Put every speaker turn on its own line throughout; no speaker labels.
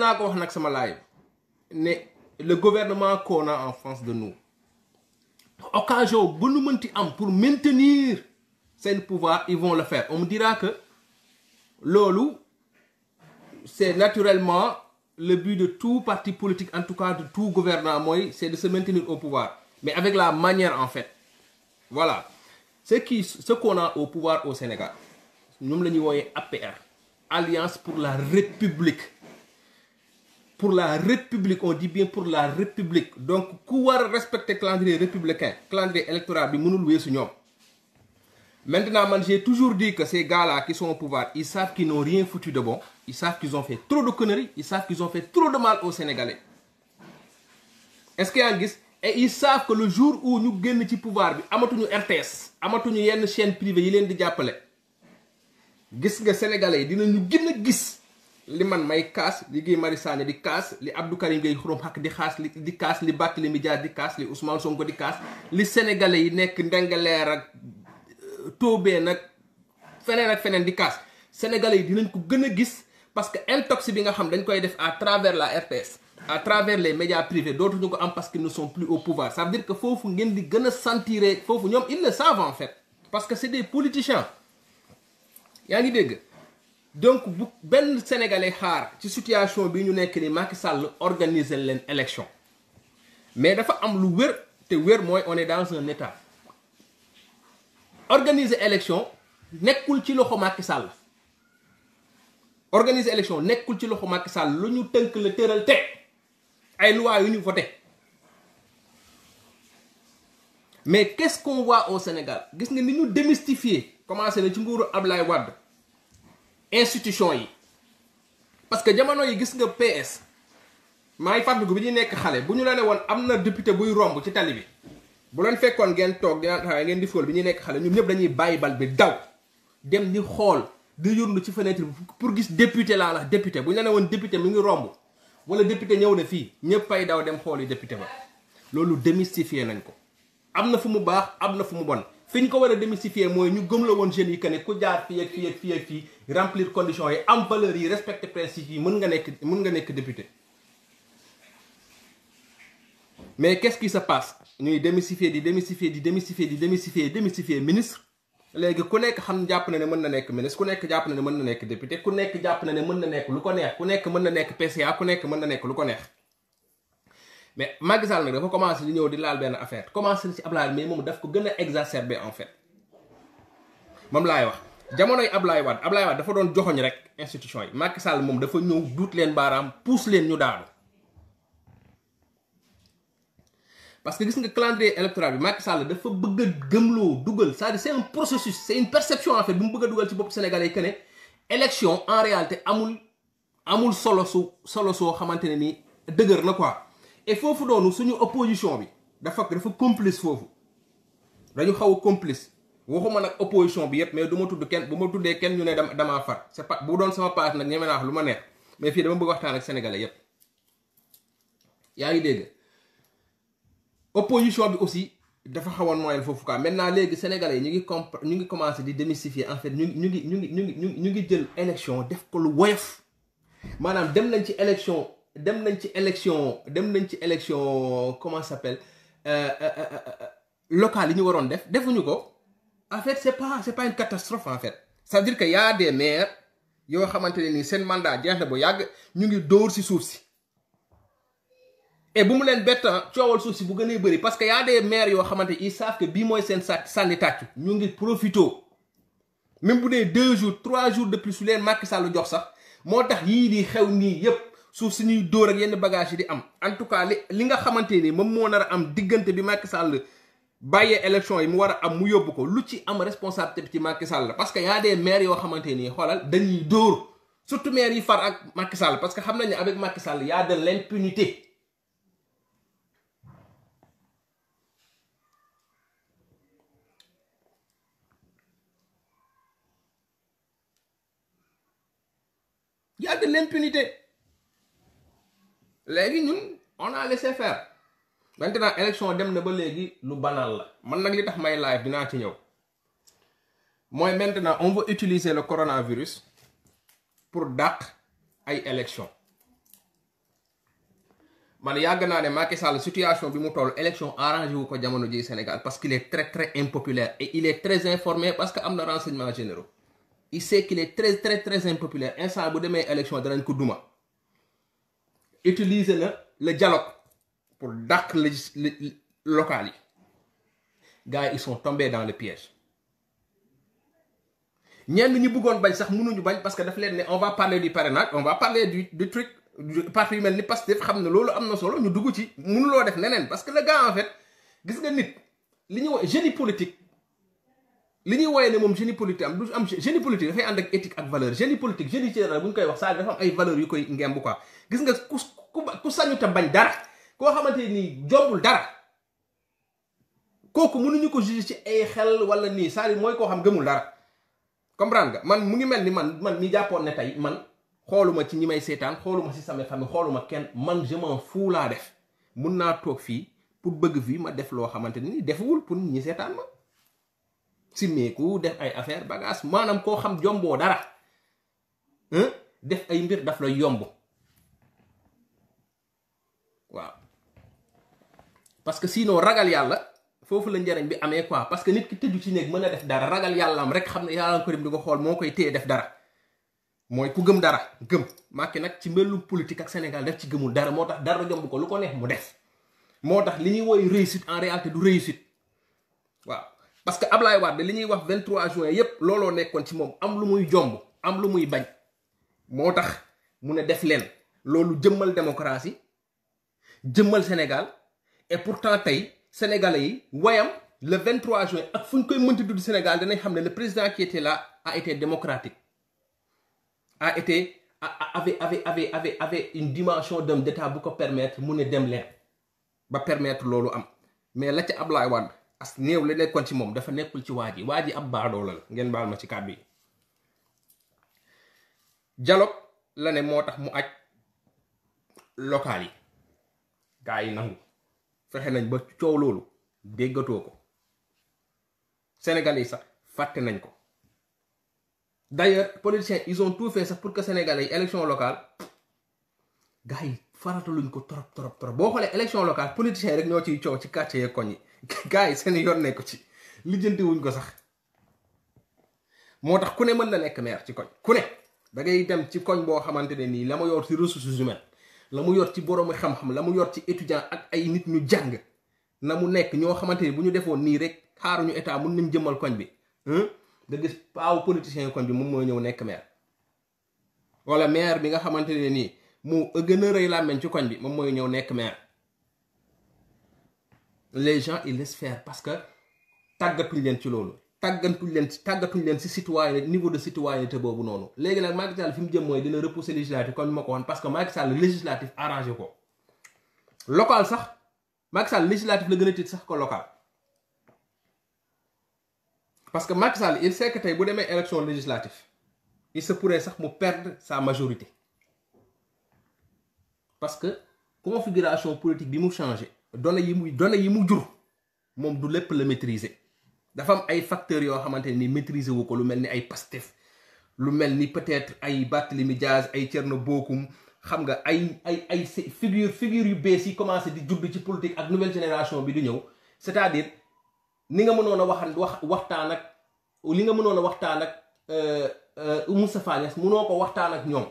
naa ko wax nag sama live ne le gouvernement qu'on en France de nous occasion bu nu mënti am pour maintenir seen pouvoir ils vont le faire on me dira que loolu c'est naturellement le but de tout parti politique en tout cas de tout gouvernement mooy c'est de se maintenir au pouvoir mais avec la manière en fait voilà ce qui ce qu'on au pouvoir au Sénégal ñoom la ñuy wooyee APR Alliance pour la République pour la république on dit bien pour la république donc ku war respecte respecter calendrier républicain calendrier électoral bi mënul weesu ñoom maintenant man j'ai toujours dit que ces gars-là qui sont au pouvoir ils savent qu'ils n'ont rien foutu de bon ils savent qu'ils ont fait trop de conneries ils savent qu'ils ont fait trop de mal aux Sénégalais est-ce que yaa ngi gis et ils savent le jour où ñu génn ci pouvoir bi amatuñu RTS amatuñu yenn chaîne privée yi leen di jàppale gis nga Sénégalais yi dinañu gën a gis li man may kaas li ngi Marius Sagna di kaas li Abdou Karim Gueye Xrum Xax di xaas li di kaas li Barthélémy Dias di kaas li Ousmane Sonko di kaas li sénégalais yi nekk ndengaleer ak euh, tóobee nag feneen ak feneen di kaas sénégalais yi dinañ ko gën a gis parce que intox bi nga xam dañ koy def à travers la rps à travers les médias privés dootuñu ko am parce qu'ils ne sont plus au pouvoir ça dire que foofu ngeen di gën a sentir foofu ñoom ils le savent en parce que c'est des politiciens yaa ngi dégg donc bu benn sénégalais xaar ci situation bi ñu nekk ni Macky Sall organiser leen élection mais dafa am lu wér te wér mooy on est dans neta organiser élection nekkul ci loxo Macky Sall organiser élection nekkul ci loxo Macky sàll lu ñu tënk la tëral te ay lois yu ñu voté mais qu'est-ce qu'on voit au Sénégal gis nga ni ñu démystifier commencé na ci nguuru Ablaye wàdd institution yi parce que jamono yi gis nga PS maa ngi fàttaliku bi ñu nekk xale bu ñu la ne woon am na député buy romb ci tali bi bu leen fekkoon ngeen toog dinaan xaar ngeen di fool bi ñu nekk xale ñun ñëpp dañuy bàyyi bal bi daw dem di xool di yurlu ci fenêtre bi pour gis député laa la député bu ñu la ne woon député mu ngi romb wala député ñëw na fii ñëpp ay daw dem xool yi député ba loolu démystifier nañ ko am na fu mu baax am na fu mu bon fi ñu ko war a démystifier mooy ñu gëm woon jeunes yi que ne ku jaar fii remplir conditions yi am valeur yi respecter principe yi mën nga nekk mën nga nekk député mais qu'est-ce qui se passe ñuy démystifier di démystifier di démystifier di démystifier démystifier ministre léegi ku nekk xam jàpp na ne mën na nekk ministre ku nekk jàpp na ne mën na nekk député ku nekk jàpp na ne mën na nekk lu ko neex ku nekk mën na nekk PCA ku nekk mën na nekk lu ko neex mais Macky Sall nag dafa commencé di ñëw di laal benn affaire commencé na ci Ablaye mais moom daf ko gën a exacerbé en fait moom laay wax. jamonoy Ablaye Wade Ablaye Wade dafa doon joxoñ rek institution yi Macky Sall moom dafa ñëw duut leen baaraam puus leen ñu daanu parce que gis nga calendrier électoral bi Macky Sall dafa bëgg a gëmloo dugal c'est-à-dire c'est un processus c'est une perception en fait bu mu bëgg dugal ci bopp sénégalais yi que en réalité amul amul solo su solo soo xamante ne ni dëgër na quoi et foofu doonu suñu opposition bi dafa dafa complice foofu dañu xaw a complice waxuma nag opposition bi yëpp mais du ma tudd kenn bu ma tuddee kenn ñu ne dama damaa far c'est pas bu doon sama page nag ñeme naa wax lu ma neex mais fii dama bëgg waxtaan ak sénégalais yëpp ngi dégg opposition bi aussi dafa xawoon moyen foofu maintenant léegi sénégalais yi ñu ngi comp ñu ngi commencé di démystifier en fait ñu ngi ñu ngi ñu ngi ñu ngi jël élection def ko lu woyof maanaam dem nañ ci élection dem nañ ci élection dem nañ ci élection comment ça s'appelle euh, euh, euh, locale yi ñu waroon def defuñu ko. en fait c'est pas c'est pas une catastrophe en fait c'est-à-dire que y a des yoo xamante ne nii seen mandat jeex bu yàgg ñu ngi dóor si suuf si et bu mu leen bett coowal suuf si bu gën a bëri parce que y a des maires yoo xamante ils savent bi mooy seen sa sànni tàccu ñu ngi profito même bu dee deux jours trois jours de plus su leen Macky Sall jox sax moo tax yii di xew nii yépp suuf si ñuy dóor ak yenn bagage yi di am en tout cas li li nga xamante ni moom moo nar a am diggante bi Macky Sall bàyyee élection yi mu war a am mu yóbbu ko lu ci am responsabilité ci Macky Sall la parce que y a des maires yoo xamante nii xoolal dañuy dóor surtout maires yi far ak Macky Sall parce que xam nañu ne avec Macky Sall y a de l'impunité y a de l'impunité léegi ñun on a laissé faire maintenant élection dem na ba léegi lu banal la man nag li tax may live dinaa ci ñëw mooy maintenant on veut utiliser le coronavirus pour dàq ay élection man yàgg naa ne Macky Sall situation bi mu toll élection arrangé wu ko jamono ji Sénégal parce qu'il est très très impopulaire il est très informé parce que am na renseignements généraux il sait qu'il est très très très impopulaire instant bu demee élection danañ ko duma utiliser na le dialogue pour dàq légis local yi gars yi ils sont tombés dans le piège ñenn ñu bëggoon bañ sax mënuñu bañ parce que daf leen ne on va parler du parrainage on va parler du du truc du yu mel ni Pastef xam ne loolu am na solo ñu dugg ci loo def neneen parce que le gars en fait gis nga nit li ñuy woowee génie politique li ñuy woowee ne moom génie politique am du am génie politique dafay ànd ak éthique ak valeur génie politique génie général bu ñu koy wax saa dafa koo xamante nii jombul dara kooku mënuñu ko juger ci ay xel wala nii cest mooy koo xam gëmul dara comprendre nga man mu ngi mel ni man man mi jàppoon ne tey man xooluma ci ñi may seetaan xooluma si sama famille xooluma kenn man je fuu laa def mun naa toog fii pour bëgg fii ma def loo xamante ni defewul pour ñi seetaan ma simmeeku def ay affaire bagage maanaam koo xam jomboo dara def ay mbir daf la yomb parce que sinon ragal yàlla foofu la njariñ bi amee quoi parce que nit ki tëju ci néeg mën a def dara ragal yàlla am rek xam ne yàlla ko rim di ko xool moo koy téye def dara mooy ku gëm dara gëm Macky nag ci mbellum politique ak Sénégal def ci gëmul dara moo tax dara jomb ko lu ko neex mu des moo tax li ñuy woy réussite en réalité du réussite waaw parce que Ablaye Wade li ñuy wax 23 juin yépp looloo nekkoon ci moom am lu muy jomb am lu muy bañ moo tax mu ne def leen loolu jëmmal démocratie jëmmal Sénégal et pourtant tey sénégalais yi wayam le 23 juin ak fu ñu koy mënti dudd Sénégal danañ xam ne le président qui la là a été démocratique a été avait avait avait avait avait une dimension dem d'état bu ko permettre mu ne dem leen ba permettre loolu am mais la ca Ablaye Wade as néew la nekkoon ci moom dafa nekkul ci waa yi waa ji ab baadoola la ngeen baal ma ci kàddu yi dialogue la ne moo tax mu aj local yi gaa yi nangu fexe nañ ba coow loolu déggatoo ko sénégalais yi sax fàtte nañ ko d'ailleurs politiciens ils ont tout fait sax pour que sénégalais yi élection locale gars yi farataluñ ko trop trop trop boo xoolee élection locale politiciens rek ñoo ciy coow ci quartier yeeg koñ yi gars yi seen yoon nekk ci lijjantewuñ ko sax moo tax ku ne mën na nekk maire ci koñ ku ne da ngay dem ci koñ boo xamante ne nii la ma yor ci ressources humaines la mu yor ci boroomi xam-xam la mu yor ci étudiant ak ay nit ñu jàng na mu nekk ñoo xamante ni bu ñu defoon nii rek xaaruñu état mun nañ jëmmal koñ bi nga gis paaw politicien yi koñ bi moom mooy ñëw nekk maire wala maire bi nga xamante ne nii mu gën a rëy làmmeñ ci koñ bi moom mooy ñëw nekk maire les gens ils laissent faire parce que tàggatuñ leen ci loolu tàggantuñ leen tàggatuñ leen si citoyen niveau de citoyenneté boobu noonu léegi nag Macky Sall fi mu jëm mooy dina repousser législatif comme ni ma ko waxoon parce que Macky Sall législatif arrangé ko local sax Macky Sall législatif la gën a tiit sax ko local parce que Macky Sall il sait tey bu demee élection législative il se pourrait sax mu perdre sa majorité parce que configuration politique bi mu changé données yi mu données yi mu jur moom du lépp la maîtriser dafa am ay facteurs yoo xamante ni maitriser wu ko lu mel ni ay Pastef lu mel ni peut-être ay Barthélémy Dias ay Thierno Bocoum xam nga ay ay ay figure figure yu bees yi commencé di judd ci politique ak nouvelle génération bi du ñëw c'est-à-dire ni nga mënoon a waxan wax waxtaan ak li nga mënoon a waxtaan ak euh, euh, Moustapha Niasse mënoo ko waxtaan ak ñoom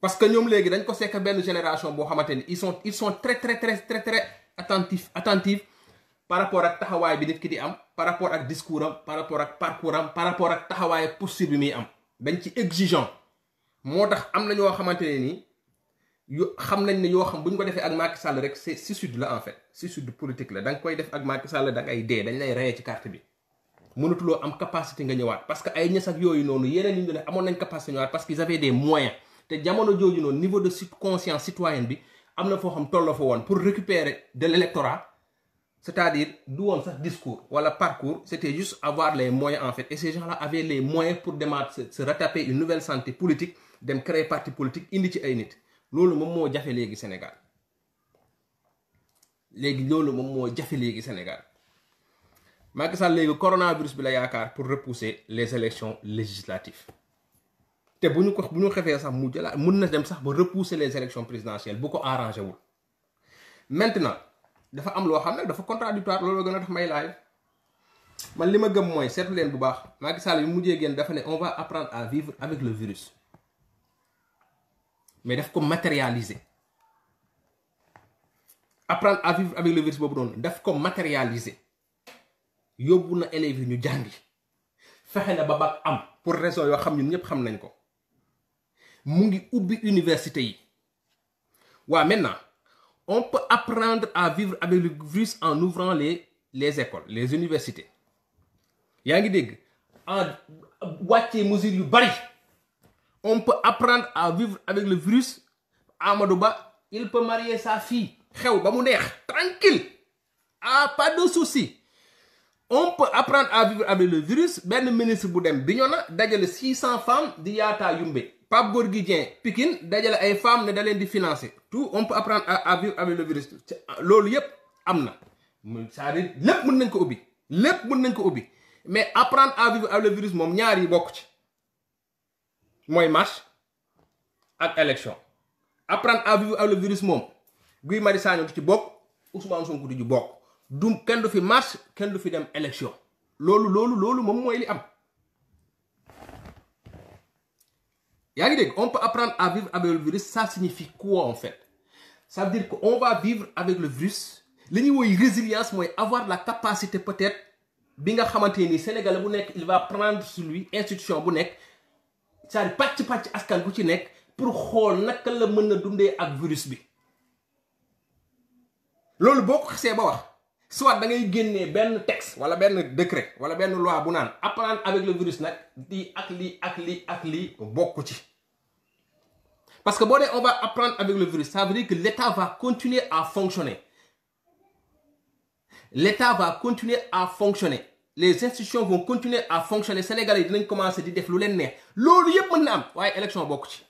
parce que ñoom léegi dañ ko sekk benn génération boo xamante ni ils sont ils sont très très très trè très attentifs attentifs par rapport ak taxawaay bi nit ki di am par rapport ak discours am par rapport ak parcours am par rapport ak taxawaay posture bi muy am dañ ci exigeant moo tax am na ñoo xamante ne nii yu xam nañ ne yoo xam bu ñu ko defee ak Macky Sall rek c'est suicide la en fait suicide politique la da koy def ak Macky Sall da ngay dee dañ lay rayee ci carte bi mënatuloo am capacité nga ñëwaat parce que ay ñes ak yooyu noonu yeneen yi ñu ne amoon nañ capacité ñëwaat parce qu'ils avaient des na foo xam tolloo fa woon pour récupérer de c'est-à-dire du woon sax discours wala parcours c'était juste avoir les moyens en fait et se gens-là avaient les moyens pour demaat se rataper une nouvelle santé politique dem créer parti politique indi ci ay nit loolu moom moo jafe léegi Sénégal léegi loolu moom moo jafe léegi Sénégal Macky Sall léegi coronavirus bi la yaakaar pour repousser les élections législatives te bu ñu ko bu ñu xefee sax mu jëlaat mun na dem sax ba repousser les élections présidentielles bu ko arrangé wul maintenant dafa am loo xam ne dafa contradictoire loolu gën a tax may laay man li ma gëm mooy seetlu leen bu baax Macky Sall bi mujjee génn dafa ne on va apprendre à vivre avec le virus mais daf ko matérialiser apprendre à vivre avec le virus boobu noonu daf yóbbu na élèves yi ñu jàngi fexe na ba ba am pour raison yoo xam ñun ñëpp xam nañ ko mu ngi ubbi université yi waaw maintenant. on peut apprendre à vivre avec le virus en ouvrant les les écoles les universités yaa ngi dégg en wàccee mesures yu bari on peut apprendre à vivre avec le virus Amadou Ba il peut marier sa fille xew ba mu neex tranquille ah pas de souci on peut apprendre à vivre avec le virus benn ministre bu dem Bignona dajale six cent femmes di yaataa yumbe Pape Gorgui Dieng Pikine dajale ay femmes ne da leen di financer tout on peut apprendre à vivre avec loolu yëpp am na cest lépp mën nañ ko ubbi lépp mun nañ ko ubbi mais apprendre à vivre avec le virus moom ñaar yi bokk ci mooy marche ak élection apprendre à vivre avec moom Guy Marius Sagna du ci bokk Ousmane Sonko du ci bokk du kenn du fi marche kenn du fi dem élection loolu loolu loolu moom mooy li am yaa ngi dégg on peut apprendre à vivre avec le virus ça signifie quoi en fait ça veut dire que on va vivre avec le virus li ñuy woy résilience mooy avoir la capacité peut-être bi nga xamante ni Sénégal bu nekk il va prendre sur lui institution bu nekk c'est-à-dire pàcc askan bu ci nekk pour xool naka la mën a dundee ak virus bi loolu boo ko xasee ba wax. soit da ngay génnee benn texte wala benn décret wala benn loi bu naan apprendre avec le virus nag lii ak lii ak li ak li bokk ci parce que boo dee on va apprendre avec le virus ça veut dire que l'État va continuer à fonctionner l'État va continuer à fonctionner les institutions vont continuer à fonctionner sénégalais yi dinañ commencer di def lu leen neex loolu yëpp mën na am waaye élection bokk ci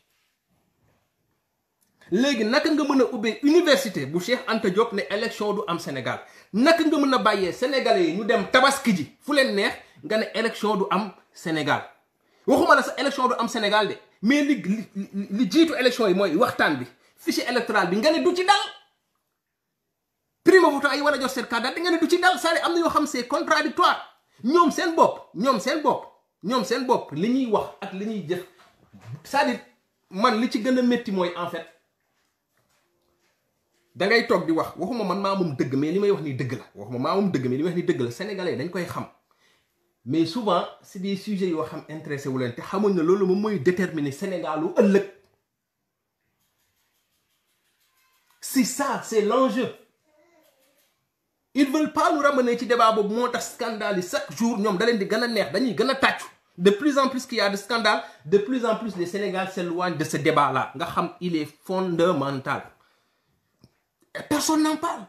léegi naka nga mën a ubbee université bu Cheikh Anta Diop ne élection du am Sénégal naka nga mën a bàyyee sénégalais yi ñu dem tabaski ji fu leen neex nga ne élection du am Sénégal waxuma la sa élection du am Sénégal de mais li li jiitu élection yi mooy waxtaan bi fii si électoral bi nga ne du ci dal primo votant yi war a jox seen carte d'identité nga ne du ci dal sare am na yoo xam c'est contradictoire ñoom seen bopp ñoom seen bopp ñoom seen bopp li ñuy wax ak li ñuy jëf cest à man li ci gën a métti mooy en fait da toog di wax waxuma man maa moom dëgg mais li may wax nii dëgg la waxuma maa moom dëgg mais li la sénégalais dañ koy xam mais souvent c'est des sujets yoo xam intéressé wu leen te xamuñ na loolu moom mooy déterminer Sénégal lu ëllëg c'est ça c'est l'enjeu ils veulent pas nous ci débat boobu moo tax scandale yi chaque jour ñoom daleen di gën a neex dañuy gën a tàccu de plus en plus qu'il y a de scandales de plus en plus les Sénégal s'éloignent de ce débat là nga xam il est fondamental Et personne n'en parle.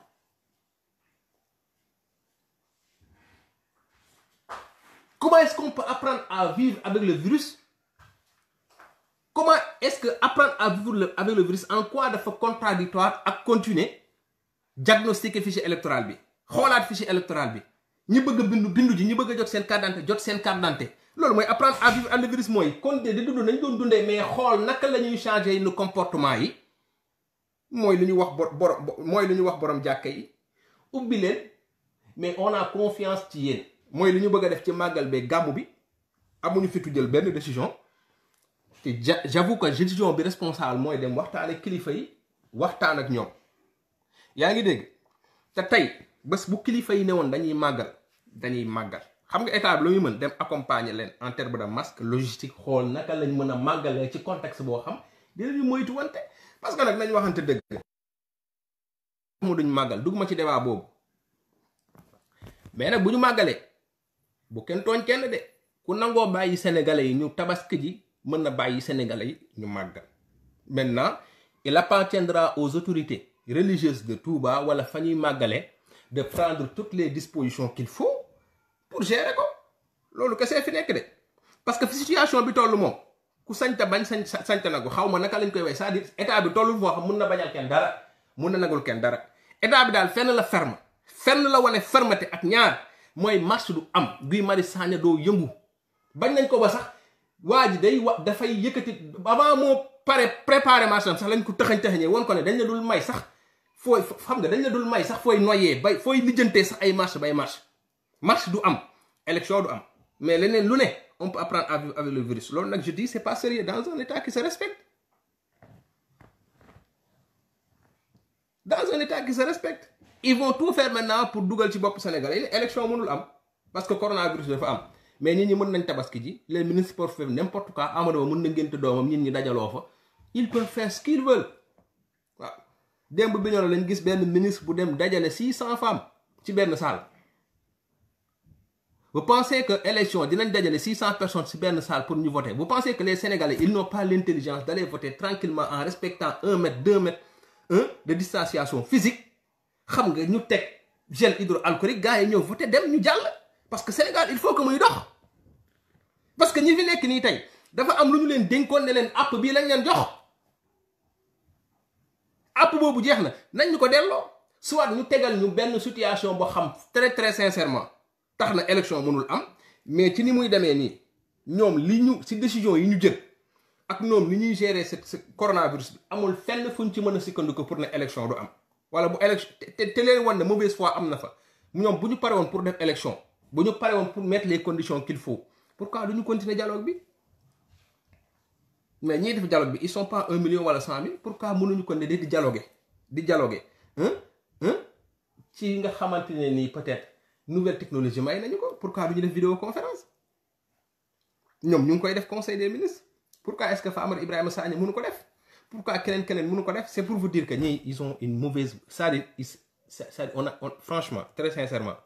Comment est-ce qu'on peut apprendre à vivre avec le virus comment est-ce que apprendre à vivre avec le virus en quoi dafa contradictoire ak continuer diagnostiquer fichier électoral bi xoolaat fichier électoral bi ñi bëgg a bindu bindu ji ñi bëgg a jot seen carte jot seen carte d'identité loolu mooy apprendre à vivre avec le virus mooy continuer di dund nañ doon dundee mais xool naka la ñuy changer nu comportement yi mooy lu ñu wax borom mooy lu ñu wax borom jàkka yi ubbi leen mais on a confiance ci yéen mooy lu ñu bëgg a def ci màggal bee gàmmu bi amuñu fitu jël benn décision te ja j'avoue décision bi responsable mooy dem waxtaan ak kilifa yi waxtaan ak ñoom yaa ngi dégg te tey bés bu kilifa yi ne woon dañuy màggal dañuy màggal xam nga état bi lu muy mën dem accompagner leen en terme de masque logistique xool naka lañ mën a màggalee ci contexte boo xam dinañu moytu parce que nag nañ waxante dëgg mu màggal dugg ma ci débat boobu mais nag bu ñu màggalee bu kenn tooñ kenn de ku nangoo bàyyi sénégalais yi ñu tabaski ji mën na bàyyi sénégalais yi ñu màggal maintenant il appartiendra aux autorités religieuses de Touba wala fa ñuy màggale de prendre toutes les dispositions qu'il faut pour gérer ko loolu kese fi nekk de parce que fi situation bi tollu moom ku sañta bañ sañ sañta nagu xaw ma naka lañ ko way c'est-à-dire état bi tollu foo xam mun na bañal kenn dara mun na nagul kenn dara état bi daal fenn la ferme fenn la wane fermeté ak ñaar mooy marche du am Guy Marius Sagna doo yëngu bañ nañ ko ba sax waa ji day wa dafay yëkkati avant moo pare préparé marche am sax lañ ko tëxañ tëxañee woon ko ne dañ la dul may sax fooy xam nga dañ la dul may sax fooy noyee bay fooy lijjantee sax ay marche bay marche marche du am élection du am mais leneen lu ne on peut apprendre le virus loolu nag je dis c'est pas sérieux dans un état qui se respecte dans un état qui se respecte ils vont tout faire maintenant pour dugal ci bopp Sénégal yi élection mënul am parce que coronavirus dafa am mais nit ñi mën nañ tabaski ji les ministre peuvent faire n'importe quoi Amadou Ba mën na ngénte doomam nit ñi dajaloo fa ils peuvent faire ce qu'ils veulent waaw démb bi ñoro lañ gis benn ministre bu dem dajale six cent femmes ci benn salle vous pensez que élection dinañ dajale 600 personnes si benn saal pour ñu voter vous pensez que les sénégalais ils n'ont pas l'intelligence d'aller voter tranquillement en respectant un mètre deux mètres un de distanciation physique xam nga ñu teg gel hydroalcoolique gars yi ñëw voter dem ñu jàll parce que Sénégal il faut que muy dox parce que ñi fi nekk nii tey dafa am lu ñu leen dénkoon ne leen app bii lañ leen jox app boobu jeex na nañ ñu ko delloo soit ñu tegal ñu benn situation boo xam très très sincèrement tax na élection mënul am mais ci ni muy demee nii ñoom li ñu si décision yi ñu jël ak ñoom li ñuy gérer ce coronavirus bi amul fenn ñu ci mën a sukkandiku pour ne élection du am wala bu élection te te leen wan ne mauvaise foi am na fa ñoom bu ñu pare woon pour def élection bu ñu pare woon pour mettre les conditions qu'il faut pourquoi du ñu continuer dialogue bi mais ñiy def dialogue bi ils sont pas wala cent mille pourquoi mënuñu ko ne di dialoguer di dialoguer hein hein ci nga xamante ne nii peut-être. nouvelle technologie may nañu ko pourquoi du ñu def vidéoconférence ñoom ñu ngi koy def conseil des pour pourquoi est-ce que Famara Ibrahima Sagna mënu ko def pourquoi keneen keneen mënu ko def c'est pour vous dire que ñii ils ont une mauvaise c'est-à-dire c'est-à-dire on a on franchement très sincèrement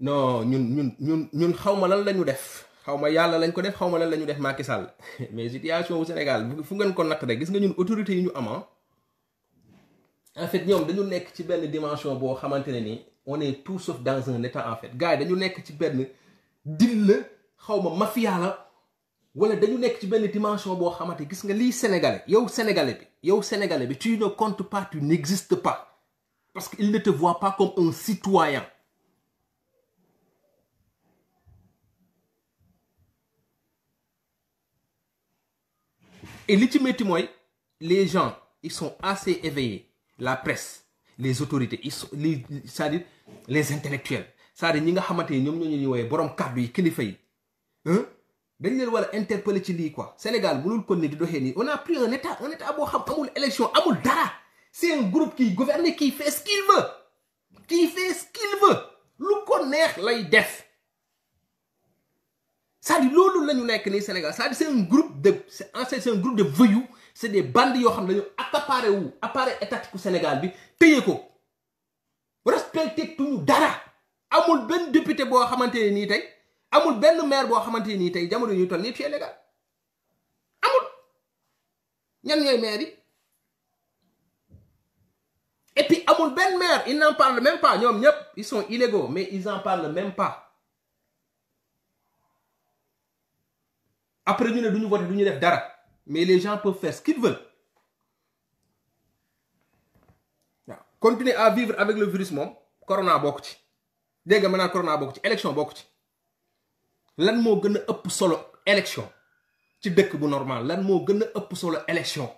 non ñun ñun ñun ñun xaw ma lan la ñu def xaw ma yàlla lañ ko def xaw ma lan la ñu def Macky Sall mais situation au Sénégal fu ngeen ko natt rek gis nga ñun autorité yi ñu am ah, en fait ñoom dañu nekk ci benn dimension boo xamante ne nii on est tout sauf dans un état en fait gars dañu nekk ci benn dil la xaw ma mafia la wala dañu nekk ci benn dimension boo xamante gis nga lii sénégalais yow sénégalais bi yow sénégalais bi tu ne comptes pas tu n'existes pas parce qu'il ne te voit pas comme un citoyen et li ci métti mooy les gens il sont assez éveillés la presse les autorités ils sont les c'est-à-dire les intellectuels c'est-à-dire ñi nga xamante ni ñoom ñoo ñu woowee borom kàddu yi kilifa yi dañ leen war a interpeller ci lii quoi Sénégal mënul kon ni di doxee nii on a pris un état un état boo xam amul élection amul dara c'est groupe qui gouverne qui fait qui fait ce qu'il veut lu ko neex lay def c'est-à-dire loolu la ñu nekk nii Sénégal cest se dire c'est un groupe de c'est un de voyous c'est des bandes yoo xam ne dañoo accaparé wu appareil étatique Sénégal bi téye ko respecté tuñu dara amul benn député boo xamante ne nii tey amul benn maire boo xamante ne nii tey jamono ñuy toll nii tu es légal amul ñan ñooy maire yi et puis amul benn maire ils n'en parlent même pas ñoom ñëpp ils sont illégaux mais ils par le même pas après ñu ne duñu voté duñu def dara mais les gens peuvent faire ce qu'ils veulent waaw à vivre avec le virus moom corona bokku ci dégg nga mën naa corona bokk ci élection bokku ci lan moo gën a ëpp solo élection ci dëkk bu normal lan moo gën a ëpp solo élection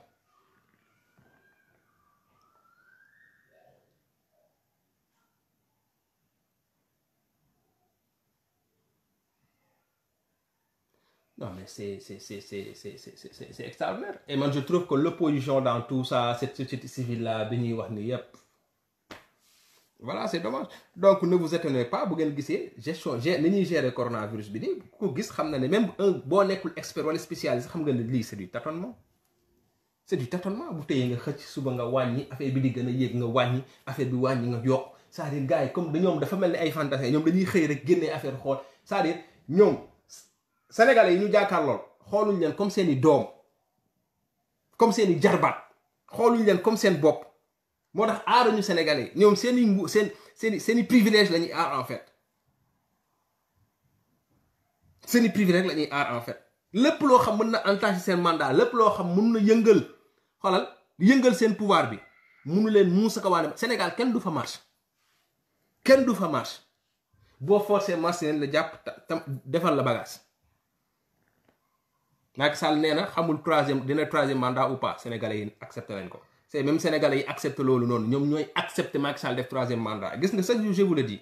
Non, mais c'est extraordinaire. Et moi, je trouve que l'opposition dans tout ça, cette société civile-là, voilà, c'est dommage. Donc, ne vous étonnez pas, bu vous voyez, gestion, ni gérer le coronavirus, vous voyez, même un bon expert xam nga vous voyez, c'est du tâtonnement. C'est du tâtonnement. nga xëcc suba nga wàññi affaire bi di gën a yéeg nga wàññi affaire bi wàññi nga yokk c'est-à-dire gars yi comme ñoom dafa mel ni ay fantasin ñoom dañuy xëy rek génnee affaire xool cest à sénégalais yi ñu jàkkaarlool xooluñ leen comme seeni i doom comme seen i jarbaat xooluñ leen comme seen bopp moo tax aaruñu sénégalais yi ñoom seen i mbu seen seen i seen i privilège la ñuy aar en fait seen i privilège la ñuy aar en fait lépp loo xam mun na entaché seen mandat lépp loo xam mën na yëngal xoolal yëngal seen pouvoir bi munu leen muusa kawaane Sénégal kenn du fa marche kenn du fa marche boo forcé marche leen la jàpp defal la bagage Macky Sall nee na xamul troisième dina troisième mandat ou pas sénégalais yi accepté nañ ko c'est même yi accepté loolu ñoom ñooy accepté Macky Sall def troisième mandat gis nga sax je vous le dis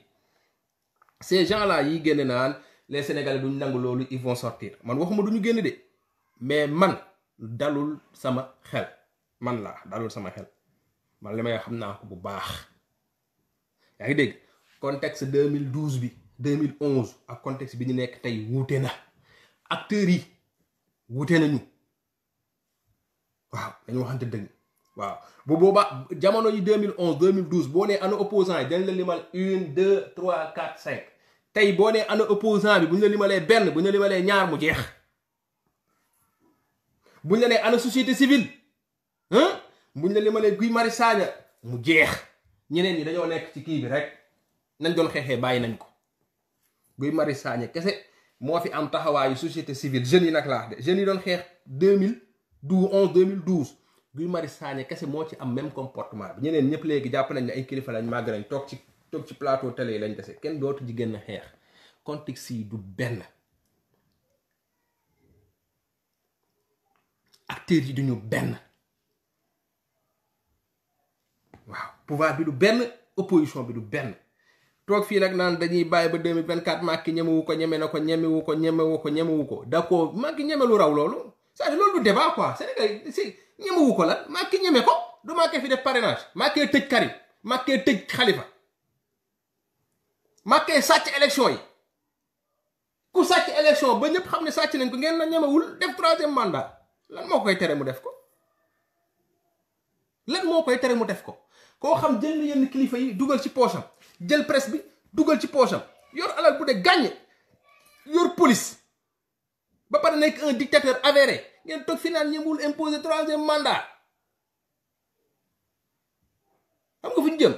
ces gens là yi génne naan les sénégalais duñ nangu loolu ils vont sortir man waxuma duñu génn de mais man dalul sama xel man laa dalul sama xel man li may xam naa ko bu baax yaa ngi dégg contexte 2012 bi 2011 ak contexte bi ñu nekk tey wuute na acteurs yi. wute nañu waaw dañu waxante dëgg waaw bu boobaa jamono yi 2011 douse boo nee ana opposant yi dañ la limal une deux trois quatre cinq tey boo nee ana opposant bi bu ñu la limalee benn bu ñu la limalee ñaar mu jeex bu ñu la nee ana société civile ah bu ñu la limalee Guy mari Sagna mu jeex ñeneen ñi dañoo lekk ci kii bi rek nañ doon xeexee bàyyi nañ ko Guy Marius Sagna kese. moo fi am taxawaayu société civile jeunes yi nag laax de jeunes yi doon xeex 2012 11 2012 Guy mari Sagna kese moo ci am même comportement bi ñeneen ñëpp léegi jàpp nañ ay kilifa lañ màgg nañ toog ci toog ci plateau télé yi lañ dese kenn dootu ji gën a xeex contexte yi du benn acteurs yi duñu benn waaw pouvoir bi du benn opposition bi du benn toog fii nag naan dañuy bàyyi ba 2024 Macky ñemewu ko ñeme ko ñemewu ko ñemewu ko ñemewu ko d' accord Macky ñeme lu raw loolu cest à loolu du débat quoi Sénégal si ñemewu ko lan Macky ñeme ko du makke fi def parrainage Macky tëj Karim Macky tëj Khalifa Macky sàcc élection yi ku sàcc élection ba ñëpp xam ne sàcc nañ ko ngeen na ñemewul def troisième mandat lan moo koy tere mu def ko lan moo koy tere mu def ko koo xam jënd yenn kilifa yi dugal ci poosam jël presse bi dugal ci poosam yor alal bu dee gàññe yor police ba pare nekk un dictateur avéré ngeen toog final ñëwul imposer troisième mandat xam nga fu ñu jëm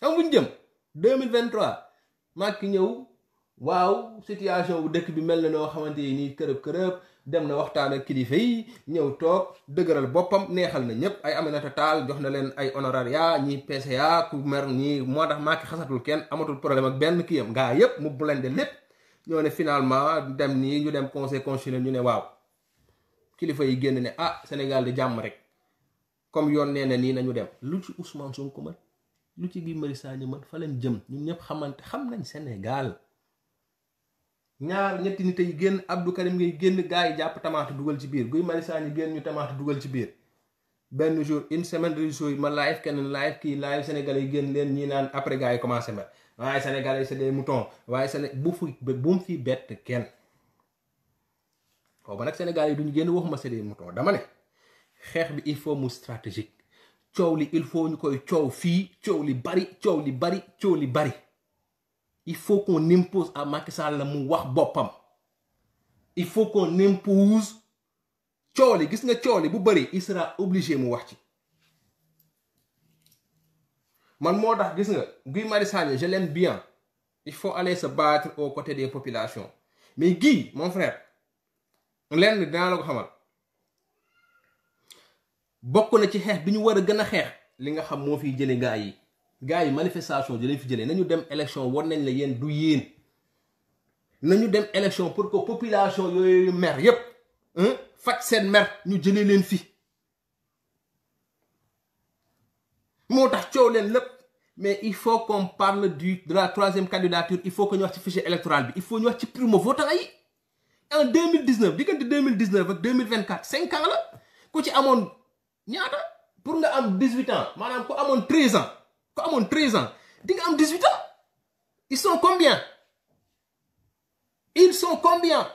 xam nga fu ñu jëm deux mille vingt trois Macky ñëw waaw situation bu dëkk bi mel na noo xamante yi nii kërëb kërëb dem na waxtaan ak kilifa yi ñëw toog dëgëral boppam neexal na ñëpp ay Aminata Tall jox na leen ay honoraria ñi PCA ku mer ñi moo tax Macky xasatul kenn amatul problème ak benn kii yam gaa yëpp mu blende lépp ñoo ne finalement dem nii ñu dem conseil constitutionnel ñu ne waaw kilifa yi génn ne ah Sénégal di jàmm rek comme yoon nee na nii nañu dem lu ci Ousmane Sonko mën lu ci Guy Marius Sagna mën fa leen jëm ñun ñëpp xamante xam nañ Sénégal ñaar ñetti nit yi génn Abdou Karim ngay génn gars yi jàpp tamaate dugal ci biir Guy Marius Sagna yi génn ñu tamaate dugal ci biir benn jour une semaine réseaux yi ma live keneen live kii live sénégalais yi génn leen ñi naan après gars yi commencé ma waaye sénégalais c'est des moutons waaye séné bu fi bu mu fi bett kenn xaw ma nag yi duñu génn waxuma c'est des moutons dama ne xeex bi il faut mu stratégique coow li il faut ñu koy coow fii coow li bari coow li bari coow li bari il faut qu'on impose à Macky la mu wax boppam il faut qu'on impose cooli gis nga cooli bu bari il sera mu wax ci man moo tax gis nga Guy Marius Sagna je l'aime bien il faut aller sa battre aux côtés des population mais Guy mon frère lenn dinaa la ko xamal bokk na ci xeex bi ñu war a gën a xeex li nga xam moo fi jële gaa yi gars yi manifestation di dinañ fi jëlee nañu dem élection war nañ la yéen du yéen nañu dem élection pour que population yooyu mer yépp faj seen mer ñu jëlee leen fi moo tax coow leen lépp mais il faut qu'on parle du de la troisième candidature il faut que ñu wax ci fichier électoral bi il faut ñu wax ci primo votant yi en 2019 diggante 2019 ak 2024 la ku ci amoon ñaata pour nga am 18 ans maanaam ku amoon 13 ans ku amoon 13 ans di nga am 18 ans ils sont combien ils sont combien